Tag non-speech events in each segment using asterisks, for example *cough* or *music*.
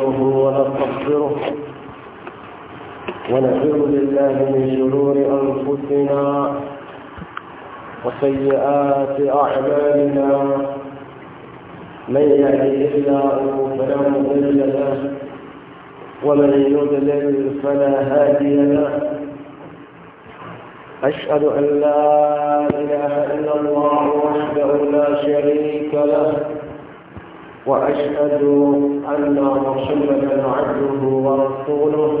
ونستغفره ونعوذ بالله من شرور أنفسنا وسيئات أعمالنا من يهده الله فلا مضل له ومن يضلل فلا هادي له أشهد أن لا إله إلا الله وحده لا شريك له وأشهد أن محمدا عبده ورسوله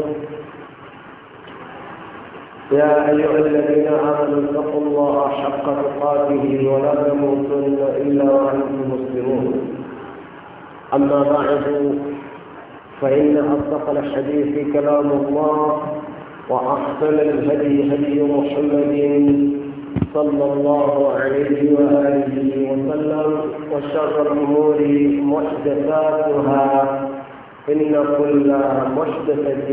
يا أيها الذين آمنوا اتقوا الله حق تقاته ولا تموتن إلا وأنتم مسلمون أما بعد فإن أصدق الحديث كلام الله وأحسن الهدي هدي محمد صلى الله عليه وآله وسلم وشر الأمور محدثاتها إن كل محدثة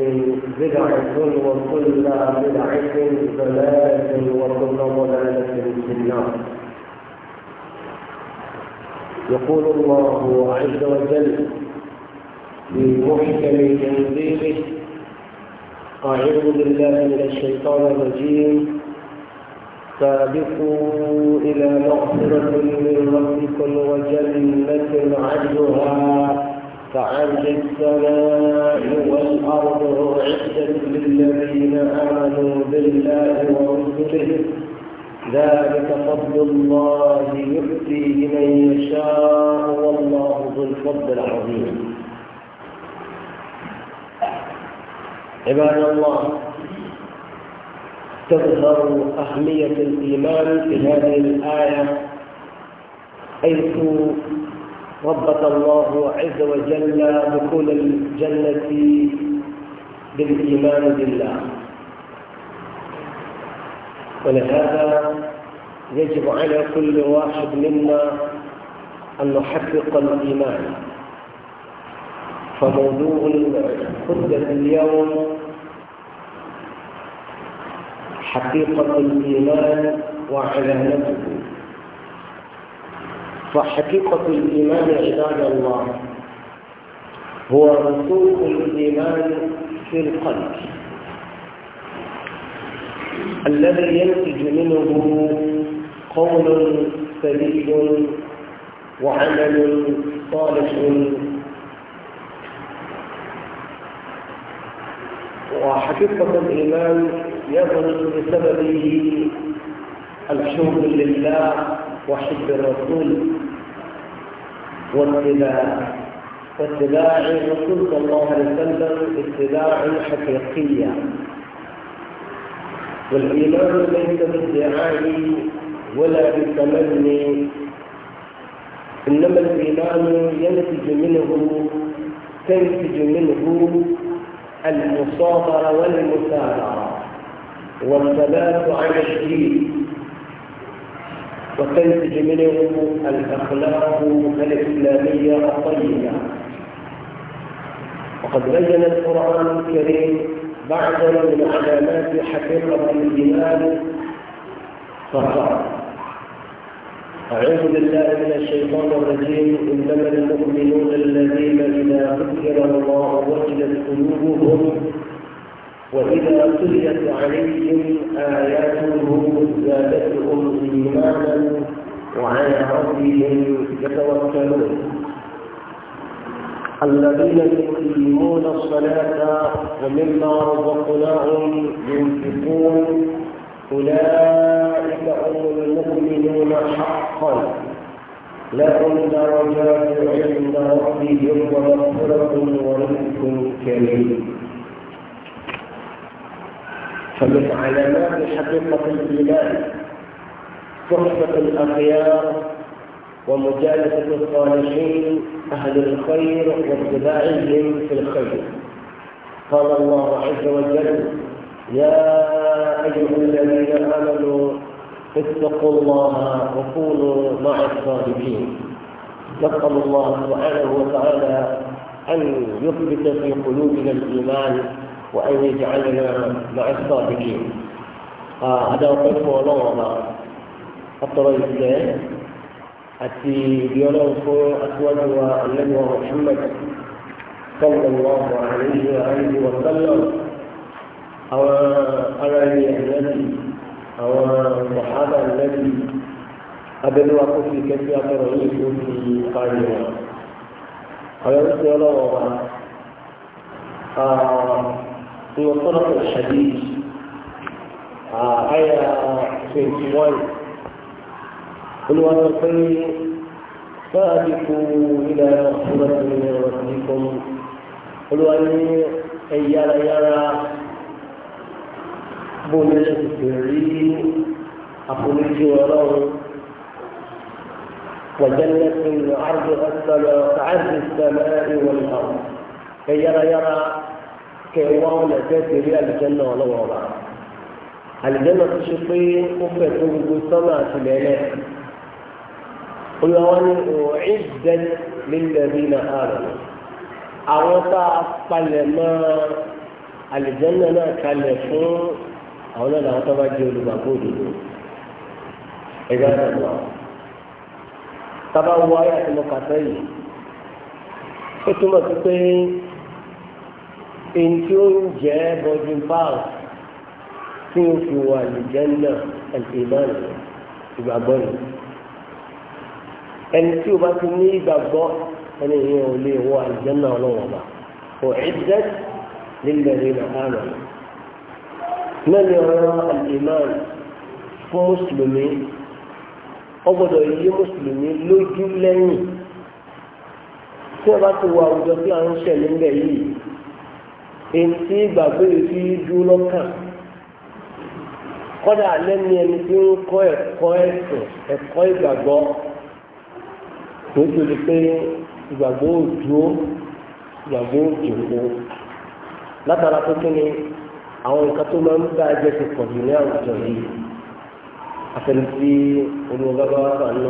بدعة وكل بدعة ضلالة وكل ضلالة في النار يقول الله عز وجل في محكم تنزيله أعوذ بالله من الشيطان الرجيم سابقوا إلى مغفرة من ربكم وجنة عدها فعرج السماء والأرض أعدت للذين آمنوا بالله ورسله ذلك فضل الله يؤتيه من يشاء والله ذو الفضل العظيم عباد الله تظهر أهمية الإيمان في هذه الآية حيث ربط الله عز وجل دخول الجنة بالإيمان بالله ولهذا يجب على كل واحد منا أن نحقق الإيمان فموضوع الخطبة اليوم حقيقة الإيمان وعلانته فحقيقة الإيمان عباد الله هو رسوخ الإيمان في القلب الذي ينتج منه قول سليم وعمل صالح وحقيقة الإيمان يبرز بسببه الحب لله وحب الرسول واتباع واتباع الرسول صلى الله عليه وسلم اتباع حقيقية والإيمان ليس بالدعاء ولا بالتمني إنما الإيمان ينتج منه تنتج منه المصابرة والمسارعة والثبات على الدين وتنتج منه الأخلاق الإسلامية الطيبة وقد بين القرآن الكريم بعضا من علامات حقيقة الإيمان فقال أعوذ بالله من الشيطان الرجيم إنما المؤمنون الذين إذا ذكر الله وجلت قلوبهم وإذا تليت عليهم آياته زادتهم إيمانا وعلى ربهم يتوكلون الذين يقيمون الصلاة ومما رزقناهم ينفقون أولئك هم المؤمنون حقا لهم درجات عند ربهم ومغفرة ورزق كريم فمن علامات حقيقة الإيمان صحبة الأخيار ومجالسة الصالحين أهل الخير واتباعهم في الخير قال الله عز وجل يا أيها الذين آمنوا اتقوا الله وكونوا مع الصادقين نسأل الله سبحانه وتعالى أن يثبت في قلوبنا الإيمان وأن يجعلنا مع الصادقين هذا قسم الله أطر الإسلام أتي بيولوج أسود النبي محمد صلى الله عليه وآله وسلم أو أراني النبي أو صحابة النبي أبدو أقول في كيف أترعيه في قائمة أو يرسل الله في طرق الحديث آه، آية 21 قل وأنتم سابقوا إلى مغفرة من ربكم قل وأن يرى يرى بنية السرين أخرج ولو وجنة عرض السماء عرض السماء والأرض كي يرى يرى kẹwàá ọ̀nà ẹ̀fẹ́ rí àlùjẹ́nà ọlọ́wọ́ ọba àlùjẹ́nà tó ṣe pé ó fẹ̀ tó gbogbo sọ́nà àtìlẹ́ lẹ̀ olùwàwọ́ ni òòrùn dẹ́n nílẹ̀ bí nà àrùn àwọn tá a palẹ̀ mọ́ àlùjẹ́nà náà kalẹ̀ fún àwọn náà làwọn tó bá jẹ́ olùgbàgbọ́ òdodo ẹgbẹ́ àtàwọn tábà wọ ayé àti mọ́kàtà yìí ó túmọ̀ sí pé èyí tí ó ń jẹ́ bọ́dún báàlù tí ó fi wà lìjẹ́nà ẹ̀dínmánì ìgbàgbọ́ ni ẹni tí o bá ti ní ìgbàgbọ́ ẹni yẹn ò lè wọ àlìjẹ́nà ọlọ́wọ́ bá kò ẹ̀dẹ́ lílẹ̀ nínú àná mẹ́ni ọ̀rọ̀ ẹ̀dínmánì fún mùsùlùmí ó gbọ́dọ̀ yí mùsùlùmí lójú lẹ́yìn tí wọ́n bá ti wọ àwùjọ tí à ń ṣẹlẹ̀ ńlẹ̀ yìí èntì ìgbàgbé yìí fi dúró lọ́kàn kọ́dà lẹ́nu ẹni tí ń kọ́ ẹ̀kọ́ ẹ̀sìn ẹ̀kọ́ ìgbàgbọ́ tó tó di pé ìgbàgbọ́ òdúró ìgbàgbọ́ òdòdó látara tó kí ni àwọn nǹkan tó máa ń bá ẹgbẹ́ ti pọ̀ jù ní àwùjọ yìí afẹnusí olùwọ́gbà bá wà nù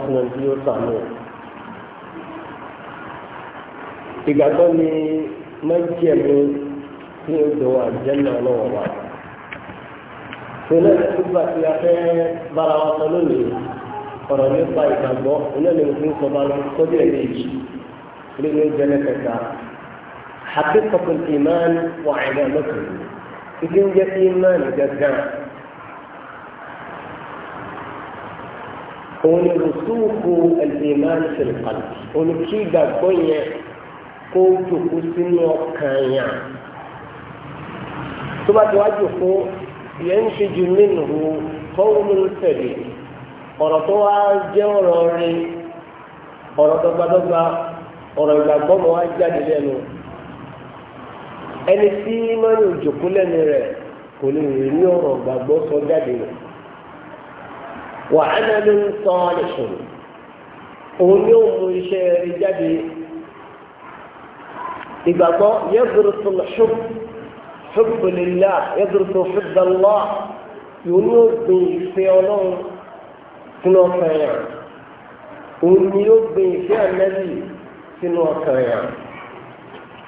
sínú ẹni tí yóò sànù ìgbàgbọ́ ni mẹ́jẹ̀mú tí ó dùn àjẹ́nà náà wà. Ìpínlẹ̀ Ìgbà tí a fẹ́ bára wa sọ lónìí, ọ̀rọ̀ nípa ìgbàgbọ́ olóòlù ní sọba lọ sójú ẹ̀ méjì lórí ìjẹ́lẹ̀ kẹta. حقيقة الإيمان وعلامته إذن جاء إيمان جدا هو رسوخ الإيمان في القلب هو كي بقية kó jòkó sínú ọkàn yàn tó bá ti wá jòkó yẹn ń ṣe ju nínú kọ́wọ́mù tẹ̀lé ọ̀rọ̀ tó wá jẹ́ ọ̀rọ̀ rí ọ̀rọ̀ dọ́gbadọ́gba ọ̀rọ̀ ìgbàgbọ́ mọ́ wá jáde lẹ́nu ẹni tí mọ́nì òjòkó lẹ́nu rẹ̀ kò lè rí ọ̀rọ̀ gbàgbọ́ sọ jáde rẹ̀ wàhálà ló ń sọ ọ́ lẹ́sùn òun mú iṣẹ́ jáde يبقى يدرس الحب حب لله يدرس حب الله ينوبي في علوم في ونيوبي في النبي في نوفيان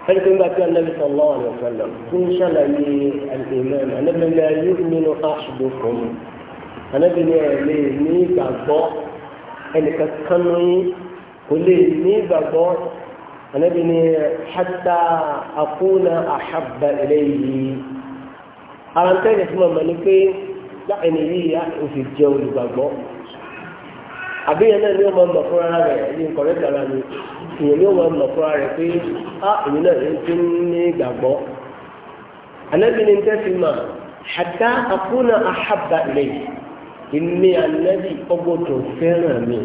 فلكم بقى النبي صلى الله عليه وسلم إن شاء الله الإمام أنا بلا يؤمن أحدكم أنا بما يؤمن بعضا أنك تكنوي كل ميبا بعض ànábì ni hata akuna ahaba eléyìí ara ń tẹ́lẹ̀ fún màmá ni pé láàrin yìí á ò sì jẹ olùgbàgbọ́ àbí yẹn náà ni ó máa ń bọ̀ fúnra rẹ̀ ní nkọ̀rẹ́ tààrà ni ìyẹn ni ó máa ń bọ̀ fúnra rẹ̀ pé á èmi náà ló ti ní ìgbàgbọ́ ànábì ni tẹ́sí mà hata akuna ahaba eléyìí ìmí ànábì ọgbọ́dọ̀ fẹ́ràn mi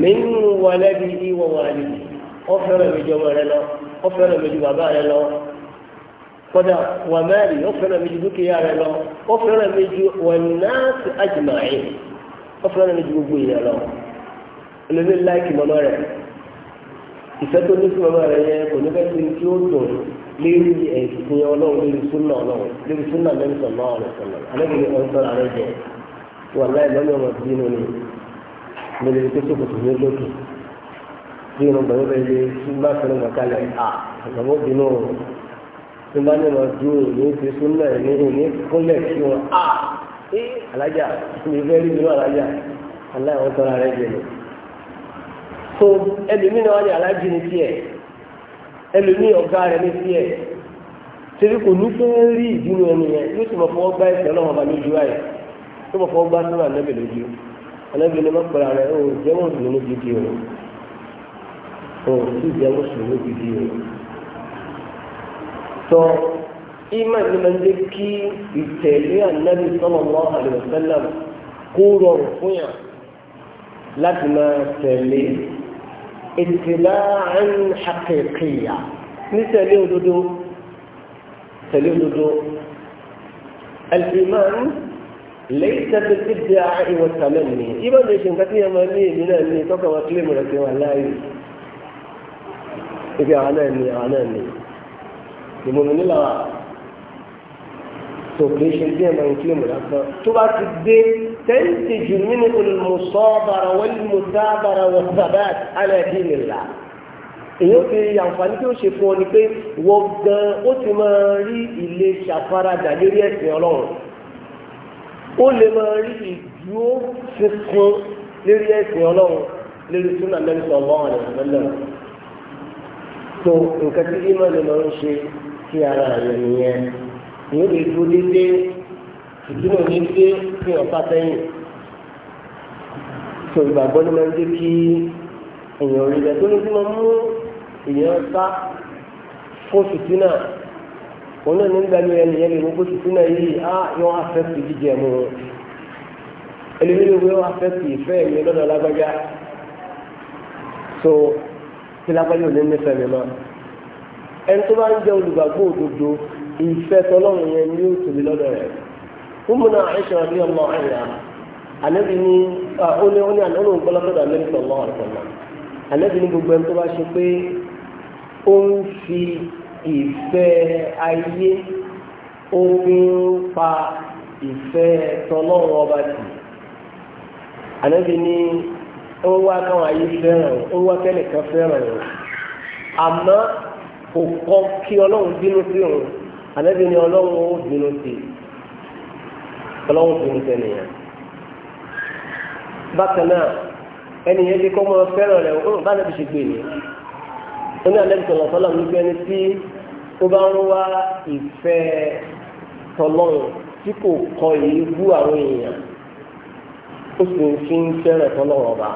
mi ń wọlé bí ìwọ̀n wà nìyí ó fẹ́ràn mi jọmọ rẹ lọ ó fẹ́ràn mi ju bàbá rẹ lọ kódà wà mẹ́rin ó fẹ́ràn mi ju dúkìá rẹ lọ ó fẹ́ràn mi ju wọ̀nàásì àjùmáyé ó fẹ́ràn mi ju gbogbo ìyẹn lọ olóbi láìkì mọ́mọ́ rẹ ìfẹ́ tó ní fún mọ́mọ́ rẹ yẹn kò ní fẹ́ sí tí ó dùn lérí ẹ̀sìn ọlọ́run lérí súnà ọlọ́run lérí súnà lẹ́nu sọ̀rọ̀ ọ̀rọ̀ sọ̀rọ̀ alẹ́ kò ní ọ̀sán bí irun gbàgbọ́ bẹ́ẹ̀ lé tí n bá fẹ́ràn gbàkalẹ̀ à àgbàbọ̀ bínú o tí n bá ní wọn dúró ní ti súnmọ́ ẹ̀ ní ní kúnlẹ̀ kí wọn à ẹ alájà mi fẹ́ rí bínú alájà aláìwọ̀n tọ́ra rẹ̀ jẹ̀ lọ. so ẹlòmínú wa ni alájì ní tiẹ̀ ẹlòmí ọ̀gá rẹ̀ ní tiẹ̀ torí kò ní fẹ́ rí ìdúró ẹni yẹn yóò sì mọ̀ fọwọ́ gbá ẹsẹ̀ ọlọ́run òun sì jẹ́ mùsùlùmí gidi o. sọ ìmọ̀ ni máa ń jẹ́ kí ìtẹ̀lé ànábì sallallahu alaihi wasallam kó rọrùn fún yàn láti máa tẹ̀lé ittiba'an haqiqiyya ní tẹ̀lé òdodo tẹ̀lé òdodo al-iman ليس بالادعاء والتمني إيمان ليش إنك تيما ليه من أني تقوى كلمة لك والله ibi àwọn náà ni àwọn náà ni ìmọ̀mí nílà wà tó kìí ṣe bí ẹ̀mọ̀ ìkílẹ̀ mọ̀ lásán tó bá ti dé tẹ́ǹtì jù nínú olùmùsọ́bàrà wọlùmùdábàrà wọ̀sàbà alẹ́bí nìlà èyí ó fi àǹfààní tí ó ṣe fún ọ ni pé wọ́n gan ó ti máa rí ilé ṣàfaradà lórí ẹ̀sìn ọlọ́run ó lè máa rí ìdúró fífún lórí ẹ̀sìn ọlọ́run lórí súnà mẹ́rin sọ̀rọ̀ ọ̀rẹ́ mẹ́lẹ́rìn tó nǹkan tí ìmọ̀lì lọ ń ṣe sí ara rẹ̀ nìyẹn ìyẹn lè dúró dédé ìdúró ní dé fi hàn sátẹ́yìn tó ìgbàgbọ́ ló máa ń jẹ́ kí èèyàn rí rẹ̀ tó ní tí wọ́n mú èèyàn sá fún fìtínà òun náà nígbà ní ẹni yẹn lè mú kó fìtínà yìí á yọ afẹ́fì jíjẹ mu ẹlẹ́mìíràn yọ afẹ́fì ìfẹ́ mi lọ́dọ̀ lágbájá so kí lágbáyé òní nífẹ̀ẹ́ mi máa ẹni tó bá ń jẹ́ olùgbàgbọ́ òdodo ìfẹ́ tọ́lọ́run yẹn ní òtòlí lọ́dọ̀ rẹ̀ fúnmùnà àìsàn àbí ọmọ àìyá ànábì ní ó ní ó ní ànábì gbọ́lọ́dọ̀ ànábì sọ̀lọ́ ọ̀rọ̀kọ̀lá ànábì ní gbogbo ẹni tó bá ṣe pé ó ń fi ìfẹ́ ayé ó fi ń pa ìfẹ́ tọ́lọ́run ọba tì ànábì ní ó wá káwọn ayé fẹ́ràn ó wá kẹ́nìkan fẹ́ràn o àmọ́ kò kọ́ kí ọlọ́run bínú sí òun àlẹ́bí ni ọlọ́run ó bínú sí ọlọ́run bínú sẹ́niyàn bákan náà ẹni yẹn ti kọ́ mọ́ fẹ́ràn rẹ̀ ó bá lẹ́bi ṣe gbé ni ó ní àlẹ́bí sọ̀rọ̀ sọ́lá mi gbé ẹni tí ó bá ń wá ìfẹ́ tọlọ́run tí kò kọ èébú àwọn èèyàn ó sì ń fi ń fẹ́ràn tọlọ́run ọba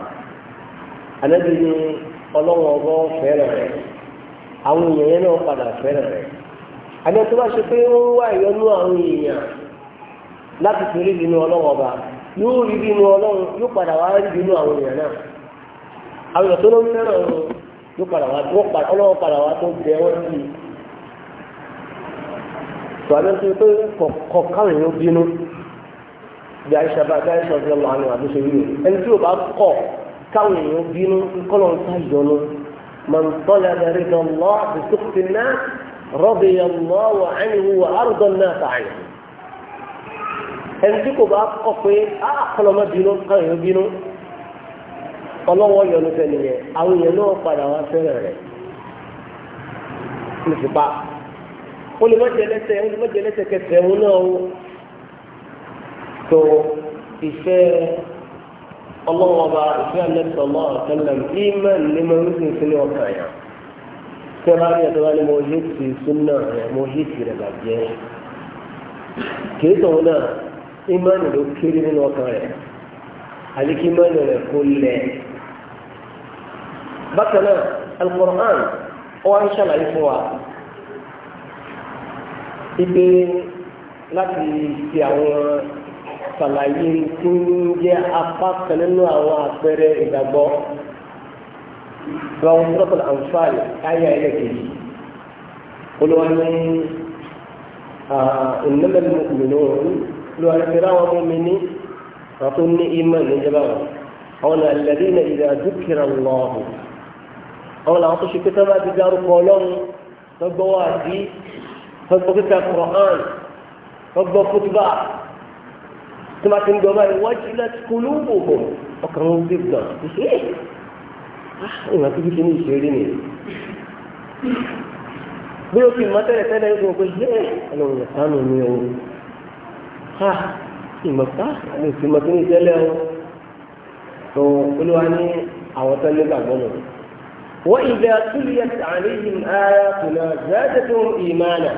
ànábi ni ọlọ́wọ́n ọgbọ́ fẹ́ràn rẹ̀ àwọn èèyàn yẹn náà padà fẹ́ràn rẹ̀ àbẹ tó bá ṣe pé ó ń wá ìyọnú àwọn èèyàn láti fi rí bínú ọlọ́wọ́n ọba yóò rí bínú ọlọ́run yóò padà wá rí bínú àwọn èèyàn náà àwọn èèyàn tó ló ń fẹ́ràn ọ̀run yóò padà wá tó ọlọ́run padà wá tó bẹ wọ́n sí i tòwádé tó pé kọ̀ọ̀kan káwọn èèyàn bínú bí àìsàn bá bí àìsàn ọ̀sẹ̀ lọ́wọ́ àwọn àdúgbò ṣe wíwò ẹni tí yóò bá kọ̀ káwọn èèyàn bínú kọ́lọ̀ ń ká yọnu man talaba rida Allah bi sukhti an-nas radiya Allahu anhu wa arda an-nas anhu. ẹni tí kò bá kọ́ pé á kọ́lọ̀ má bínú káwọn èèyàn bínú ọlọ́wọ́ yọnu fẹ́ni yẹn àwọn èèyàn náà padà wá fẹ́rẹ̀ rẹ̀ lùsùpá ó lè má jẹ lẹ́sẹ̀ ó lè má jẹ lẹ́sẹ̀ kẹsẹ̀ òun náà ó tó ìfẹ́ ọlọ́wọ́ ọba ìfẹ́ àlẹ́sọ̀ ọlọ́wọ́ àtẹ́lẹ̀ ìmọ̀ ní mo ń sìn sínú ọkàn yẹn tí wọ́n bá rí ẹ̀dọ́ wálé mo yé ti súnà rẹ̀ mo yé ti rẹ̀ bàjẹ́ kì í sọ̀rọ̀ náà ìmọ̀ ló kéré nínú ọkàn rẹ̀ àti kí ìmọ̀ rẹ̀ kó lẹ̀ bákan náà Al-Qur'an ọwọ́ ń ṣàlàyé fún wa ipe láti fi àwọn ṣàlàyé tó ń jẹ́ apá kan nínú àwọn àpẹẹrẹ ìgbàgbọ́ lọ́wọ́ sọ́kùn àǹfààní káyà ẹlẹ́kẹ̀yì olùwàní ìnámẹ́lẹ́ mìíràn olùwàní fẹ́rẹ́ àwọn ọmọ mi ní àwọn tó ní ìmọ̀ níjọba wọn àwọn àlẹ́dẹ́ iná ìdá dúkìrà lọ́ọ̀hún àwọn làwọn tó ṣe pé sábà ti dárúkọ ọlọ́run lọ́gbọ́wọ́ àti lọ́gbọ́ kíkà kọ̀ọ̀án lọ́gbọ́ fútbà tí wọ́n ti ń gbọ́mọ́ ìwọ́jú láti kúlú òbò ọkàn wọn gbé gbọ́n ṣe é ìwọ̀n tó fi ní ìṣeré ni bí o fi mọ tẹ́lẹ̀ tẹ́lẹ̀ yóò fi mọ̀ pé ṣe é ọlọ́run ìsánù mi o ha ah, ìmọ̀ká àmì ìfìmọ̀ tó ní tẹ́lẹ̀ o tó olúwa ní àwọn tẹ́lẹ̀ gbàgbọ́ nù. wọ́n ìdá túlíyà àléhìn ara tùnà zẹ́ẹ̀dẹ̀ tó ń ìmáàlà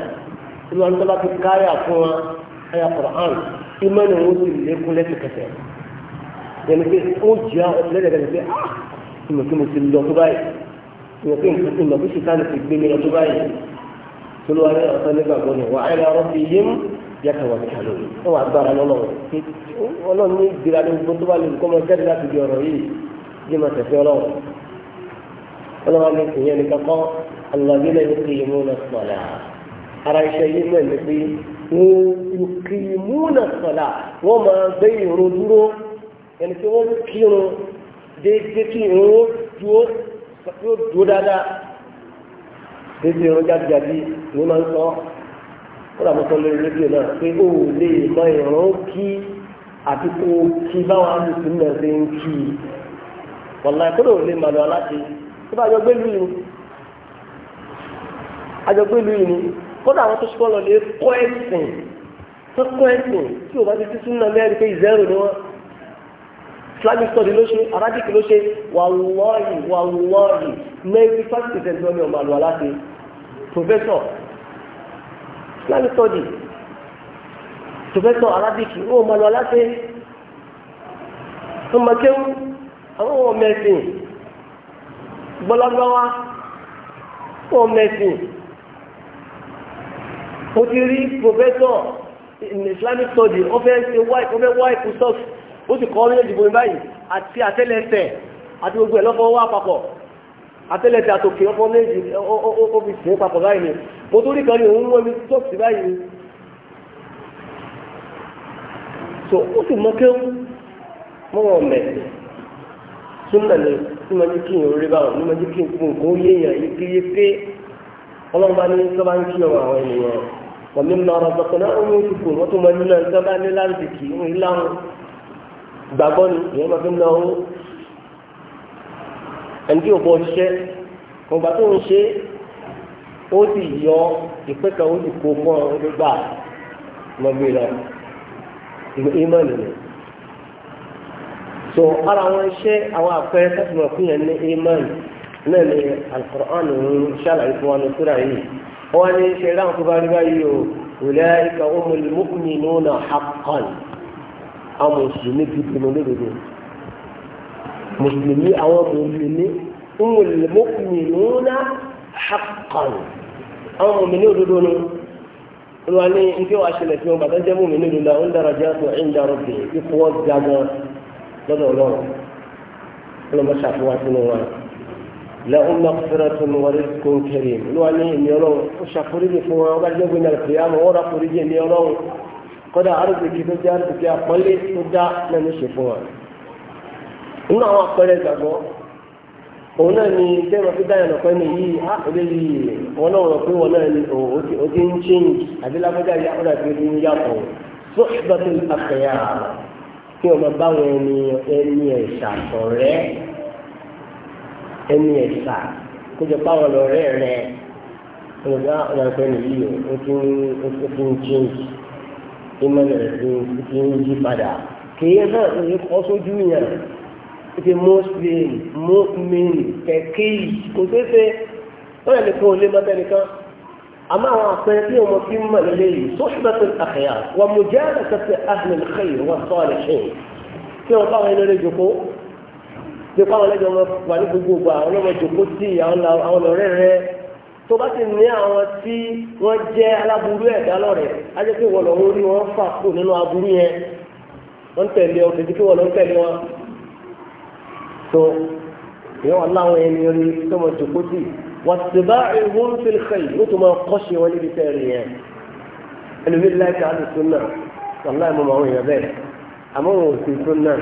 olúwa ní tọ́lá ti káyà fún wa ẹ̀yà kọ̀ọ̀án ìmọ̀nà wọn ti lékún lẹ́sẹ̀kẹsẹ̀ yẹn pé ó jẹ́ lẹ́sẹ̀kẹsẹ̀ pé ah ìmọ̀ pé mo ti lọ tó báyìí ìmọ̀ pé nǹkan tó ìmọ̀ pé sìtáàlì ti gbé mi lọ tó báyìí tó ló wà ní ọ̀sán nígbàgbọ́ ni wà á yẹ ọ̀rọ̀ fi yé mu yàtọ̀ wà níta lórí ẹ wà gbára lọ́lọ́run ọlọ́run ní ìgbéra ló gbogbo tó bá lè kọ́ mọ jáde láti di ọ̀rọ̀ yìí yé máa tẹ̀sẹ̀ ọlọ́run ọlọ́run ní ìyẹn nìkan kọ́ ọlọ́run ní ìyẹn nìkan kọ́ ìkìmúnà sọ̀là wọ́n máa gbé ìrun dúró ẹni tí wọ́n kírun déédéé kí ìrun dúró yóò dúró dáadáa déédéé ìrun jáde-jáde ni máa ń sọ ó dàbọ̀ sọ lórí rédíò náà pé ó lè mọ ìrun kí àti kó kí báwọn alùpùpù náà ṣe ń kí i wàlá ìkọ́dọ̀ ò lè mà lọ aláṣẹ tó bá jọ gbé lu ìrun kódà àwọn tó ṣe kọ́ lọ lè kọ́ ẹ̀sìn tó kọ́ ẹ̀sìn tí o bá ti títún náà mẹ́rin pé ìzẹ́rù ni wọ́n islamic study ló ṣe arabic ló ṣe wàlúwọ́ọ̀lì wàlúwọ́ọ̀lì ninety five percent lọ́ni ọmọ àlùwà láti professor islamic study professor arabic ní ọmọ àlùwà láti ọmọ kéwù àwọn ọmọ ẹ̀sìn gbọ́lágbáwá ọmọ ẹ̀sìn o ti rí professor in islamic study o fẹ́ ṣe wipe o fẹ́ wipe socks o sì kọ́ ọ́nà ìdìbò báyìí àti àtẹ́lẹsẹ̀ àti gbogbo ẹ̀ lọ́fọ́ wá papọ̀ àtẹ́lẹsẹ̀ àtòkè ọkọ̀ méjì o fi sìn papọ̀ báyìí ni mo tó rí kan ní òun wọ́n mi socks báyìí so o sì mọ kéwú mọ́ wọn mẹ́sì súnmọ́ ni tí mo jẹ́ kí n rí báwọn ní mo jẹ́ kí n kún kó yéèyàn yékéyéké ọlọ́run bá ní sọ́ba ń kí ọmọ àwọn ènìyàn wàmí ma rọ̀bọ̀tò náà ó yóò dìbò wọ́n tún máa nínú ẹ̀ tó bá ní láǹdì kì í ń láwọn gbàgbọ́ ni ìyẹn máa fi ń náwó ẹni tí ò ṣiṣẹ́ kọ̀ǹgbà tó ń ṣe ó sì yọ ìpẹ́ kan ó sì kó mọ́ ọ nígbà lọ́gbé lọ ìmọ̀ nìyẹn so ara àwọn iṣẹ́ àwọn àpẹẹrẹ tẹ́sán fún yẹn ní ìmọ̀ náà ni alukur'an ń ṣàlàyé fún wa ní sura yìí. wọ́n ní ṣe ráhùn tó bá rí báyìí o ulaika humul mu'minuna haqqan àwọn mùsùlùmí gidi ní a mùsùlùmí àwọn mùsùlùmí humul mu'minuna haqqan àwọn mùmìnì òdodo ni olùwà ní ife wàá ṣẹlẹ̀ fi wọn bàtà jẹ́ mùmìnì òdodo àwọn inda rabbi ipò wọn gbàgbọ́ lọ́dọ̀ ọlọ́run لهم مغفرة ورزق كريم لواني ميولون وشافوري في وغا جوجن القيامة ورا فريج ميولون قد عرض كده جار في قل صدا لنشفوا إن هو قال كذا ona ni tẹ́lọ̀ fi dáyà lọ́pẹ́ ní yìí á òde yìí wọn náà rọ̀ pé wọn náà ni ó ti ń change àdélágbájá yìí ó dàbí ó ń yàtọ̀ tó ìgbà tó ń àfẹ́yà kí wọn bá wọn ẹni ẹni ẹ̀ ṣàtọ̀ rẹ̀ ẹni ẹ̀sà kó jẹ pé àwọn ọ̀rẹ́ rẹ ọ̀gá ọ̀nàpẹ́ nìyí o ti ń ti ń change ìmọ̀lẹ̀ rẹ̀ ti ń yí padà kìí náà ló yẹ kọ́ sójú yẹn ó ti muslim mu'min kẹ̀kẹ́ kò tẹ́tẹ́ ó yẹ nìkan ò lé mọ́tẹ́ nìkan àmọ́ àwọn àpẹẹrẹ tí wọn fi ń mọ̀ lélẹ́ yìí suhbatul akhyar wa mujalasati ahlil khayr wa salihin tí wọn bá wọn lórí jòkó ṣe fáwọn ẹlẹ́jọ́ ọmọ wà ní gbogbo ògbà àwọn ọmọ jòkó tì àwọn ọ̀rẹ́ rẹ tó bá ti ní àwọn tí wọ́n jẹ́ aláburú ẹ̀dá lọ́rẹ̀ á jẹ́ pé wọ́n lọ rí wọn fà kó nínú aburú yẹn wọ́n ń tẹ̀lé ọ kìí pé wọ́n lọ ń tẹ̀lé wọn. tó ìyẹn wọn láwọn ẹni rí tó mọ jòkó tì wọ́n ti bá ìhun fi xèyí ó tó máa kọ́ṣe wọn níbi tẹ́ rí yẹn ẹlòmíláìka àlùsùn náà wàláì mọ̀ àwọn èèyàn bẹ́ẹ̀ àmọ́ wọn ò sì sún náà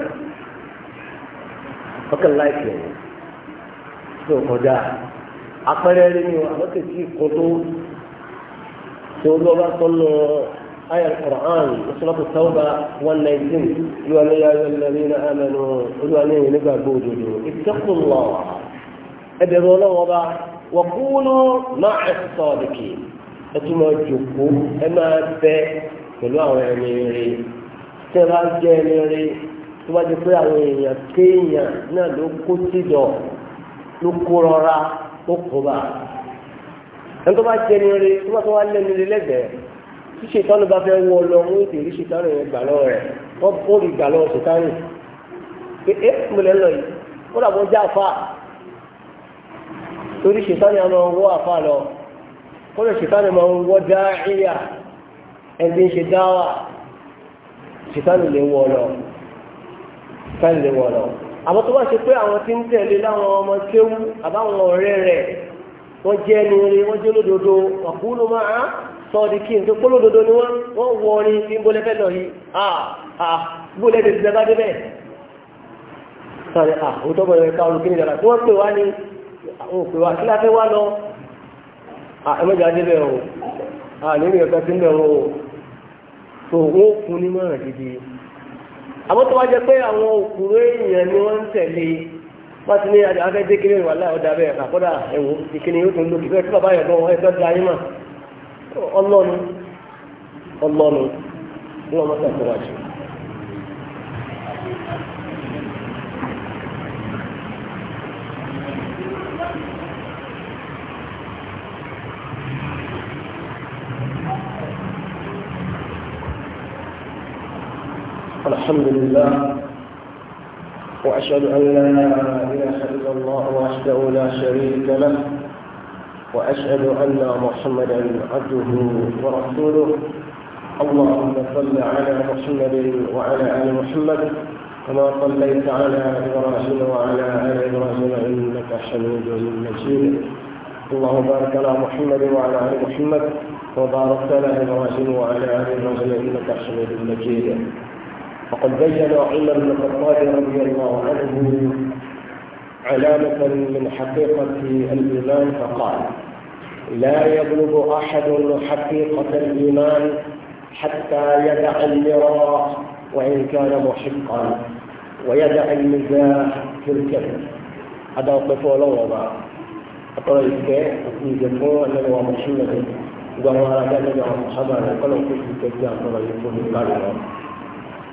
ọkàn láìpẹ́ tó kọjá àpẹẹrẹ rí ni àwọn kẹsì kún tó tó lọ́ba sọ́nù آية القرآن سورة التوبة 119 يقول يا أيها الذين آمنوا قلوا أنني نبقى بوجوده اتقوا الله أدروا له وضع وقولوا مع الصادقين ẹtùmọ̀ jòkó ẹ máa bẹ pẹ̀lú àwọn ẹni rí tí wọ́n bá jẹ́ ẹni rí tó bá jẹ́ pé àwọn èèyàn kéèyàn náà ló kó tìjọ ló kó rọra ó kó bá ẹni tó bá jẹ́ ní rí tó bá tó wá lẹ́nu rí lẹ́gbẹ̀ẹ́ tí ṣètọ́nù bá fẹ́ wọ lọ wọ́n ti rí ṣètọ́nù yẹn gbà lọ́wọ́ rẹ̀ wọ́n bó rí gbà lọ́wọ́ ṣètọ́nù pé é mo lè lọ yìí ó dàbọ̀ já àfa torí ṣètọ́nù yẹn máa ń àfa lọ kó lè ṣètọ́nù máa ń wọ́ dáhìyà ẹni tí ń ṣe dáwà ṣètọ́nù lè wọ lọ. fẹ́ǹlẹ̀ wọ̀ lọ. àmọ́ tó bá ṣe pé àwọn tí ń ọmọ kéwú àbáwọn ọ̀rẹ́ rẹ̀ wọ́n jẹ́ ẹni rẹ̀ wọ́n jẹ́ olódodo ọ̀kúnnù máa sọ́ọ̀dì kí n tó kó ni wọ́n wọ́n wọ orin kí n bọ́lẹ̀ fẹ́ lọ yìí à à bá dé bẹ́ẹ̀. sọ́ọ̀dì à òótọ́ ni dàgbà tí ní àmọ́ tó wá jẹ pé àwọn òkúrò èèyàn ni wọ́n ń tẹ̀lé wọ́n ti ní afẹ́ dé kíni wà láì ọ̀dà bẹ́ẹ̀ àkọ́dà ẹ̀wò ìkíni yóò tún lókè bẹ́ẹ̀ tí bàbá wọn ẹgbẹ́ mà ní sàkóso الحمد لله وأشهد أن لا إله إلا الله وحده لا شريك له وأشهد أن محمدا عبده ورسوله اللهم صل على محمد وعلى آل محمد كما صليت على إبراهيم وعلى آل إبراهيم إنك حميد مجيد اللهم بارك على محمد وعلى آل محمد وبارك على إبراهيم وعلى آل إبراهيم إنك حميد مجيد وقد بين عمر بن الخطاب رضي الله عنه علامة من حقيقة الإيمان فقال لا يبلغ أحد حقيقة الإيمان حتى يدع المراء وإن كان محقا ويدع المزاح في الكذب هذا وقفه لو وضع لك إسكاء في جمهور أنه محمد وهو على ذلك عن الصحابة قالوا كيف تجاه قرأ يكون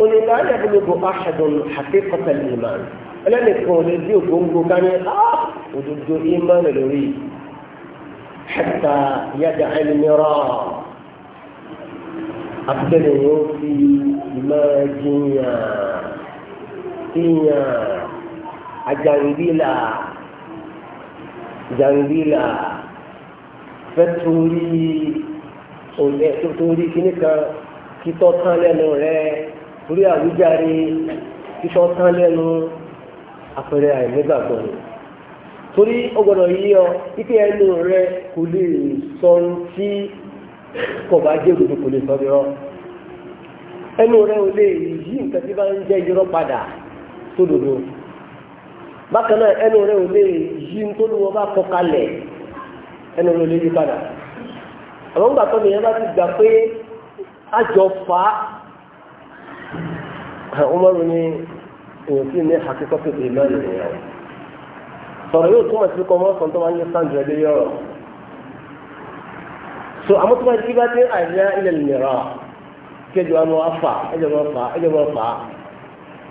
أن لا يغلب أحد حقيقة الإيمان لأن يقول ديو جمبو كان آه وضد إيمان لوي حتى يدع المراء أفضل يوفي ما جنيا جنيا أجنبيلا جنبيلا فتوري إيه، فتوري كنكا كتوتان لنوري torí àwíjàre sísọ tán lẹ́nu àpẹẹrẹ àìnígbàgbọ́ ni torí ó gbọ́dọ̀ yí ọ ike ẹnu rẹ kò lè sọ tí kò bá jẹ́ òdodo kò lè sọ irọ́ ẹnu rẹ ò lè yí nǹkan tí bá ń jẹ́ irọ́ padà bákan náà ẹnu rẹ ò lè yí nítorí bá kọ kalẹ̀ ẹnu rẹ ò Umaru ní èèyàn sì ní àkíkọ́ tó ti mẹ́rin nìyẹn sọ̀rọ̀ yóò túmọ̀ sí kọ́ mọ́sán tó máa ń yẹ sáǹdì ẹ̀dẹ́ yọ̀rọ̀ so àmọ́ tó máa ti bá dé àyà ilẹ̀ mìíràn kéjọ àwọn afa ẹjọ máa fa ẹjọ máa fa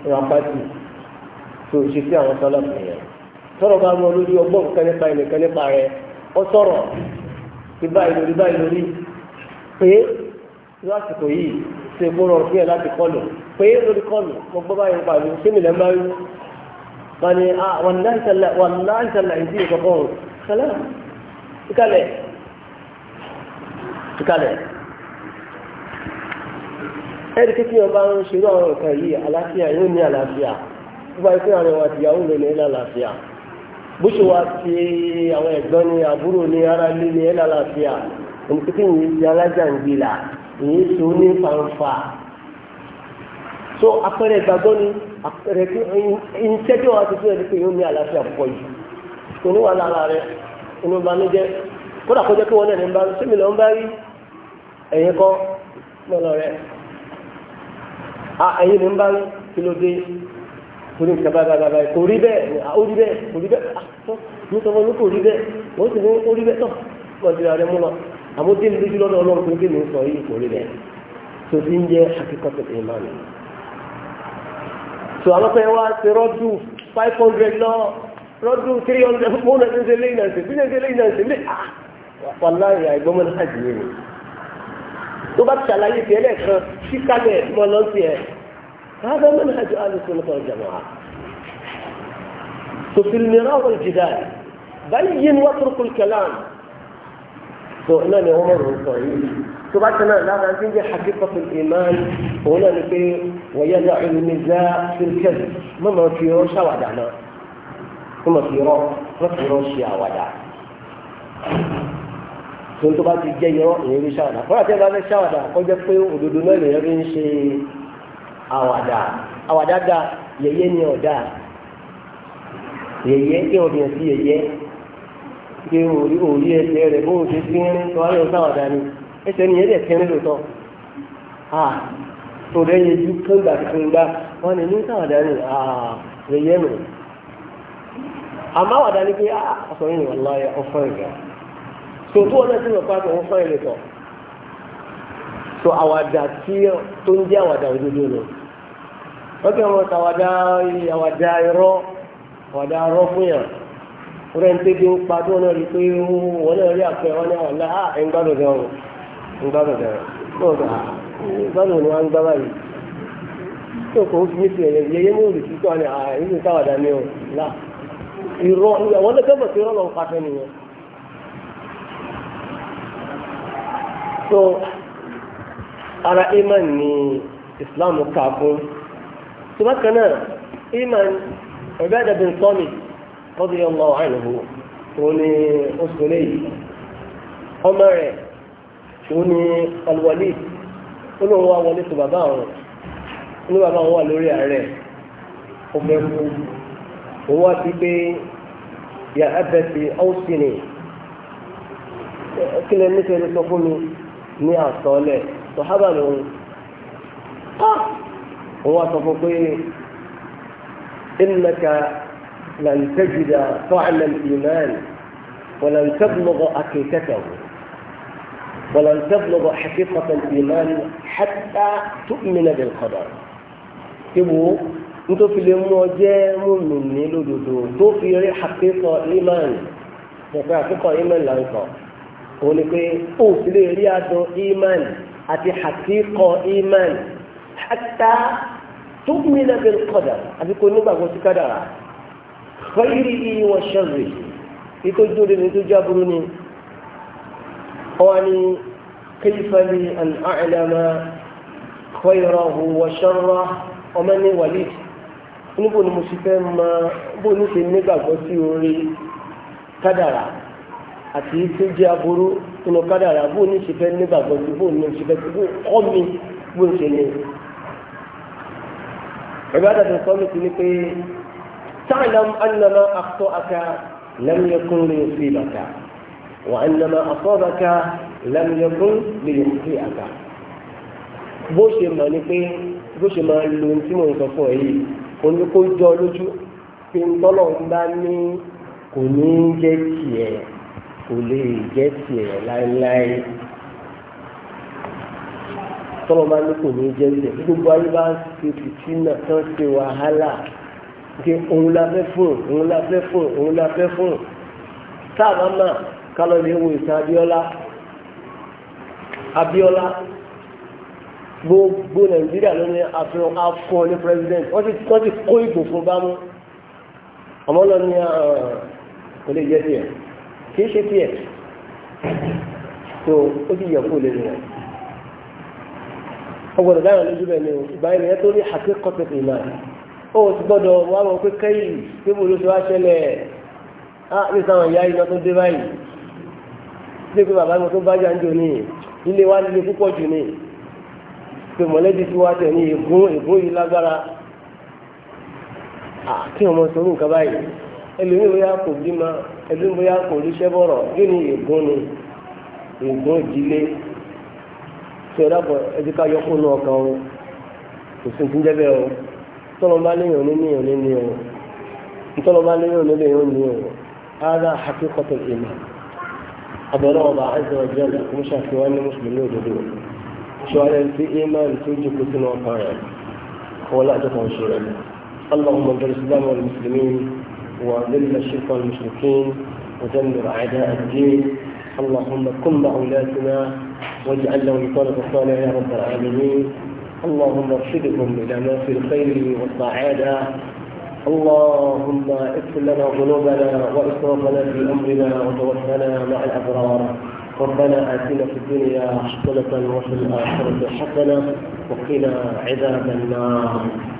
ìwà pàtì so ìṣesí àwọn sọlá nìyẹn sọ̀rọ̀ bá mọ lórí ọgbọ́n kan nípa ẹnìkan nípa rẹ ọ sọ̀rọ̀ ti báyìí lórí báyìí lórí pé lórí kọ́ọ̀lù mo gbọ́ báyìí pa mi ṣé mi lẹ́ máa ń wọ́n ni wọ́n náà ṣẹlẹ̀ wọ́n náà ṣẹlẹ̀ ìdí ìkọ̀kọ̀ ṣẹlẹ̀ ìkàlẹ̀ ìkàlẹ̀ ẹ̀rí kí tí wọ́n bá ń ṣerú àwọn nǹkan yìí àlàáfíà yóò ní àlàáfíà tó bá yẹ pé àwọn àtìyàwó rẹ̀ ní àlàáfíà bó ṣe wá sí àwọn ẹ̀gbọ́n ní àbúrò ní ara lé ní àlàáfíà òǹkìtì yìí so apẹrẹ ìgbàgbọ́ ni apẹrẹ kí iṣẹ́ tí wọ́n á ti fún ẹni pé yóò ní àlàáfíà púpọ̀ yìí kò ní wà lára rẹ inú ba ní jẹ kódà kó jẹ pé wọn náà ní bá sẹ́mi lọ́n bá rí ẹ̀yìn kọ́ lọ́lọ́ rẹ ẹ̀yìn ní bá rí kí ló dé torí nǹkan bá bá bá kò rí bẹ́ẹ̀ ó rí bẹ́ẹ̀ kò rí bẹ́ẹ̀ ní sọ fún mi kò rí bẹ́ẹ̀ wọ́n sì ní ó rí bẹ́ẹ̀ tán wọ́n ti rà rẹ mú lọ àmọ́ dé mi lójú lọ́dọ̀ ọlọ́run tó ń gbé mi sọ yìí kò rí bẹ́ẹ̀ tó ti ń jẹ́ akíkọ́ tẹ̀lé máa nìyẹn tó àwọn pẹ́ wá ṣe rọ́dù five hundred lọ rọ́dù three hundred fún *laughs* ọ̀nà ṣe lẹ́yìn náà ṣe bí náà ṣe lẹ́yìn ah! náà ṣe lé àpàlà ìyá ìgbọ́mọ náà jì mí tó bá ṣàlàyé tiẹ̀ lẹ́ẹ̀kan ṣíkàlẹ̀ mọ́ lọ sí ẹ̀ هذا منهج أهل السنة والجماعة ففي المراء والجدال بين واترك الكلام سؤالنا عمر الصحيح سبحانه لا عندي حقيقة الإيمان هنا نبي ويدع النزاع في الكذب ما ما في روشة ودعنا ما في روشة ما في روشة ودع tuntun bá ti jẹ́ yọ ìyẹn bí ṣàwàdà fún àti ẹgbẹ́ ṣàwàdà kó jẹ́ pé òdodo náà lèyẹn fi ń ṣe àwàdà àwàdà da yẹ̀yẹ́ ni ọ̀dà yẹ̀yẹ́ kí wọ́n fi hàn sí yẹ̀yẹ́ kí orí ẹsẹ̀ rẹ̀ bóun ṣe fi ń rìn tó wáyé ọ̀sáwàdà ni ẹsẹ̀ nìyẹn dẹ̀ kẹrin lòótọ́ à tó rẹ̀ yẹ ju kẹ́ńgbà kẹ́ńgbà wọn ni ní sáwàdà ni à rẹ̀ yẹ nù àmọ́ ni pé ọ̀sọ̀ yìí wọ́n láyé ọ̀fọ̀ ìgbà tó tó ọ̀nà tí wọ́n pa àgbà ọ̀fọ̀ ìlẹ̀tọ̀ tó àwàdà tí tó ń jẹ́ àwàdà òdodo lọ wọ́n kí wọ́n sàwàdà àwàdà irọ́ àwàdà irọ́ fún yàn rẹ̀ ń tẹ́gbẹ́ ń pa tó náà rí pé wọ́n náà rí àpẹ wọn náà wà láà ń gbádùn dára náà gbà gbádùn ni wọ́n ń gbá báyìí tó kò ń fi mí ti ẹ̀yẹ yẹyẹ ní olùsí ah, tó wà ní àárín ní káwàdà ní o là ìrọ̀ àwọn ọlọ́kẹ́ bọ̀ so ara iman ni islam kà fún tó bá kan náà iman ọ̀gá ìdàbí sọ́ọ̀nì radiyallahu anhu òun ni oṣù lẹ́yìn ọmọ rẹ̀ òun ni alwali ó lóun wá wọlé tó bàbá àwọn ní bàbá àwọn wà lórí ààrẹ ó fẹ́ kú òun wá sí pé yà abẹ́tì ọ́sìnì kílẹ̀ nítorí sọ fún mi ní àsọ̀ọ́lẹ̀ sọ̀hábà lòun ah! òun wá sọ fún pé ìnnaka làǹtẹ́jìdà fọ́ àlẹ́ ìmọ̀ ẹ̀ wọ̀làǹtẹ́bùlọ́gọ́ akékẹ́kẹ́ wọn. ولن تبلغ حقيقة الإيمان حتى تؤمن بالقدر ibu nítorí fi lè mú ọ jẹ́ mùmìnì lódodo tó fi rí àkíkọ ìmánì ṣẹ̀fẹ̀ àkíkọ ìmánì là ń sọ òun ni pé ó sì lè rí adùn ìmánì àti àkíkọ ìmánì hatta tu'mina bil qadar àti kò nígbàgbọ́ sí kádàrà khairihi wa sharrihi ìtọ́jú rẹ̀ ní tó jábúrú ni wọ́n á ní كيف لي أن أعلم خيره وشره ومن وليه níbo ni mo ti fẹ́ mọ̀ bó ní ṣe nígbàgbọ́ sí orí kádàrà àti tó jẹ́ aburú nínú kádàrà bó ní ṣe fẹ́ nígbàgbọ́ sí bó ní ṣe fẹ́ sí bó kọ́ mi bó ń ṣe ní. ẹ̀rọ àdàtọ̀ sọ mi ti ní pé sáà lam annama akhta'aka lam yakun li yusibaka. وأن ما أصابك لم يكن ليخطئك bó ṣe mọ̀ ní pé bó ṣe máa lo ohun tí mò ń sọ fún ẹ yìí kò ní kó jọ tọ́lọ̀ ń ní kò ní jẹ́ tiẹ̀ bí gbogbo ayé bá ṣe fìtínà tán ṣe wàhálà pé òun la fẹ́ fún òun la fẹ́ fún òun la fẹ́ fún sáà máa kálọ̀ ní ewu ìsìn Abíọ́lá Abíọ́lá gbogbo Nàìjíríà ló ní àfihàn afọ ní president wọ́n ti wọ́n ti kó ìbò fún bámú àmọ́ lọ ní ah, kò lè jẹ́ tiẹ̀ kì í ṣe tiẹ̀ tó ó ti yẹ kó lè rìn ọgbọ̀dọ̀ dáhùn lójú bẹ́ẹ̀ ni ìgbà yẹn lẹ́yìn tó ní àkẹ́kọ̀ọ́ tètè náà ó ti gbọ́dọ̀ wá mọ̀ pé kẹ́yìn pé mo ló ti wá ṣẹlẹ̀ á ah, ní sáwọn ìyá yìí lọ́tún dé báyìí. ṣé pé bàbá mi tó bá jà ń jò ní ilé wa lè púpọ̀ jù ní pé mọ̀lẹ́bí tí wàá tẹ̀ ní ègún ègún yìí lágbára kí ọmọ sọ̀rọ̀ nǹkan báyìí ẹlòmíì bóyá kò bímọ ẹlòmíì bóyá kò ríṣẹ́ bọ̀rọ̀ kí ni ègún ni ègún ìdílé tí ká ọkàn o kò sí ti ń jẹ́bẹ̀ o tọ́lọ́ bá léyìn òní ní òní ní o tọ́lọ́ bá léyìn abẹ́rẹ́ الله عز وجل مش kò ṣàfi مش من نوجه ní شو ṣọlẹ̀ في ايمان في jókòó sínú ọkàn rẹ̀ kọ́ láti kan اللهم انصر الاسلام والمسلمين وذل الشرك والمشركين ودمر اعداء الدين اللهم كن مولاتنا واجعل لهم طلب الصالح يا رب العالمين اللهم ارشدهم الى ما في الخير والسعاده اللهم اغفر لنا ذنوبنا واسرافنا في امرنا وتوفنا مع الابرار ربنا اتنا في الدنيا حسنه وفي الاخره حسنه وقنا عذاب النار